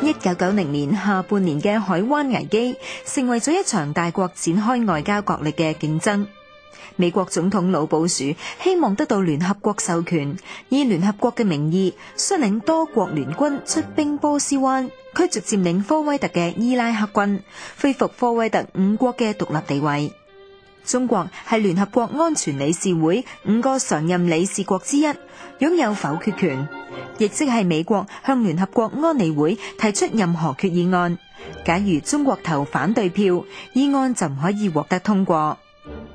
一九九零年下半年嘅海灣危機，成為咗一場大國展開外交角力嘅競爭。美國總統老布殊希望得到聯合國授權，以聯合國嘅名義率領多國聯軍出兵波斯灣，驅逐佔領科威特嘅伊拉克軍，恢復科威特五國嘅獨立地位。中國係聯合國安全理事會五個常任理事國之一，擁有否決權，亦即係美國向聯合國安理會提出任何決議案，假如中國投反對票，議案就唔可以獲得通過。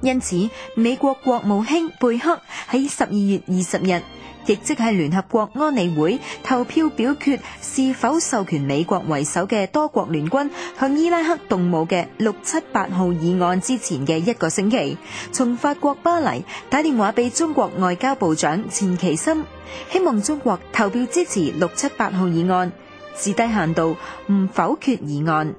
因此，美國國務卿貝克喺十二月二十日，亦即係聯合國安理會投票表決是否授權美國為首嘅多國聯軍向伊拉克動武嘅六七八號議案之前嘅一個星期，從法國巴黎打電話俾中國外交部長錢其琛，希望中國投票支持六七八號議案，至低限度唔否決議案。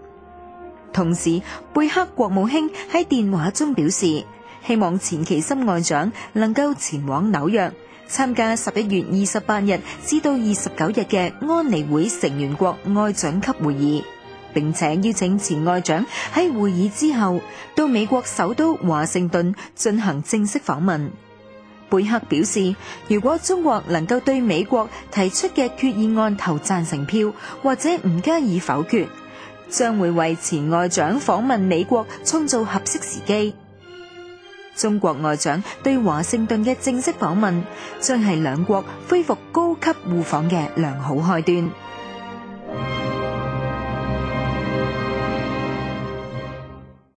同時，貝克國務卿喺電話中表示，希望錢其琛外長能夠前往紐約。參加十一月二十八日至到二十九日嘅安理會成員國外長級會議，並且邀請前外長喺會議之後到美國首都華盛頓進行正式訪問。貝克表示，如果中國能夠對美國提出嘅決議案投贊成票，或者唔加以否決，將會為前外長訪問美國創造合適時機。中國外長對華盛頓嘅正式訪問，將係兩國恢復高級互訪嘅良好開端。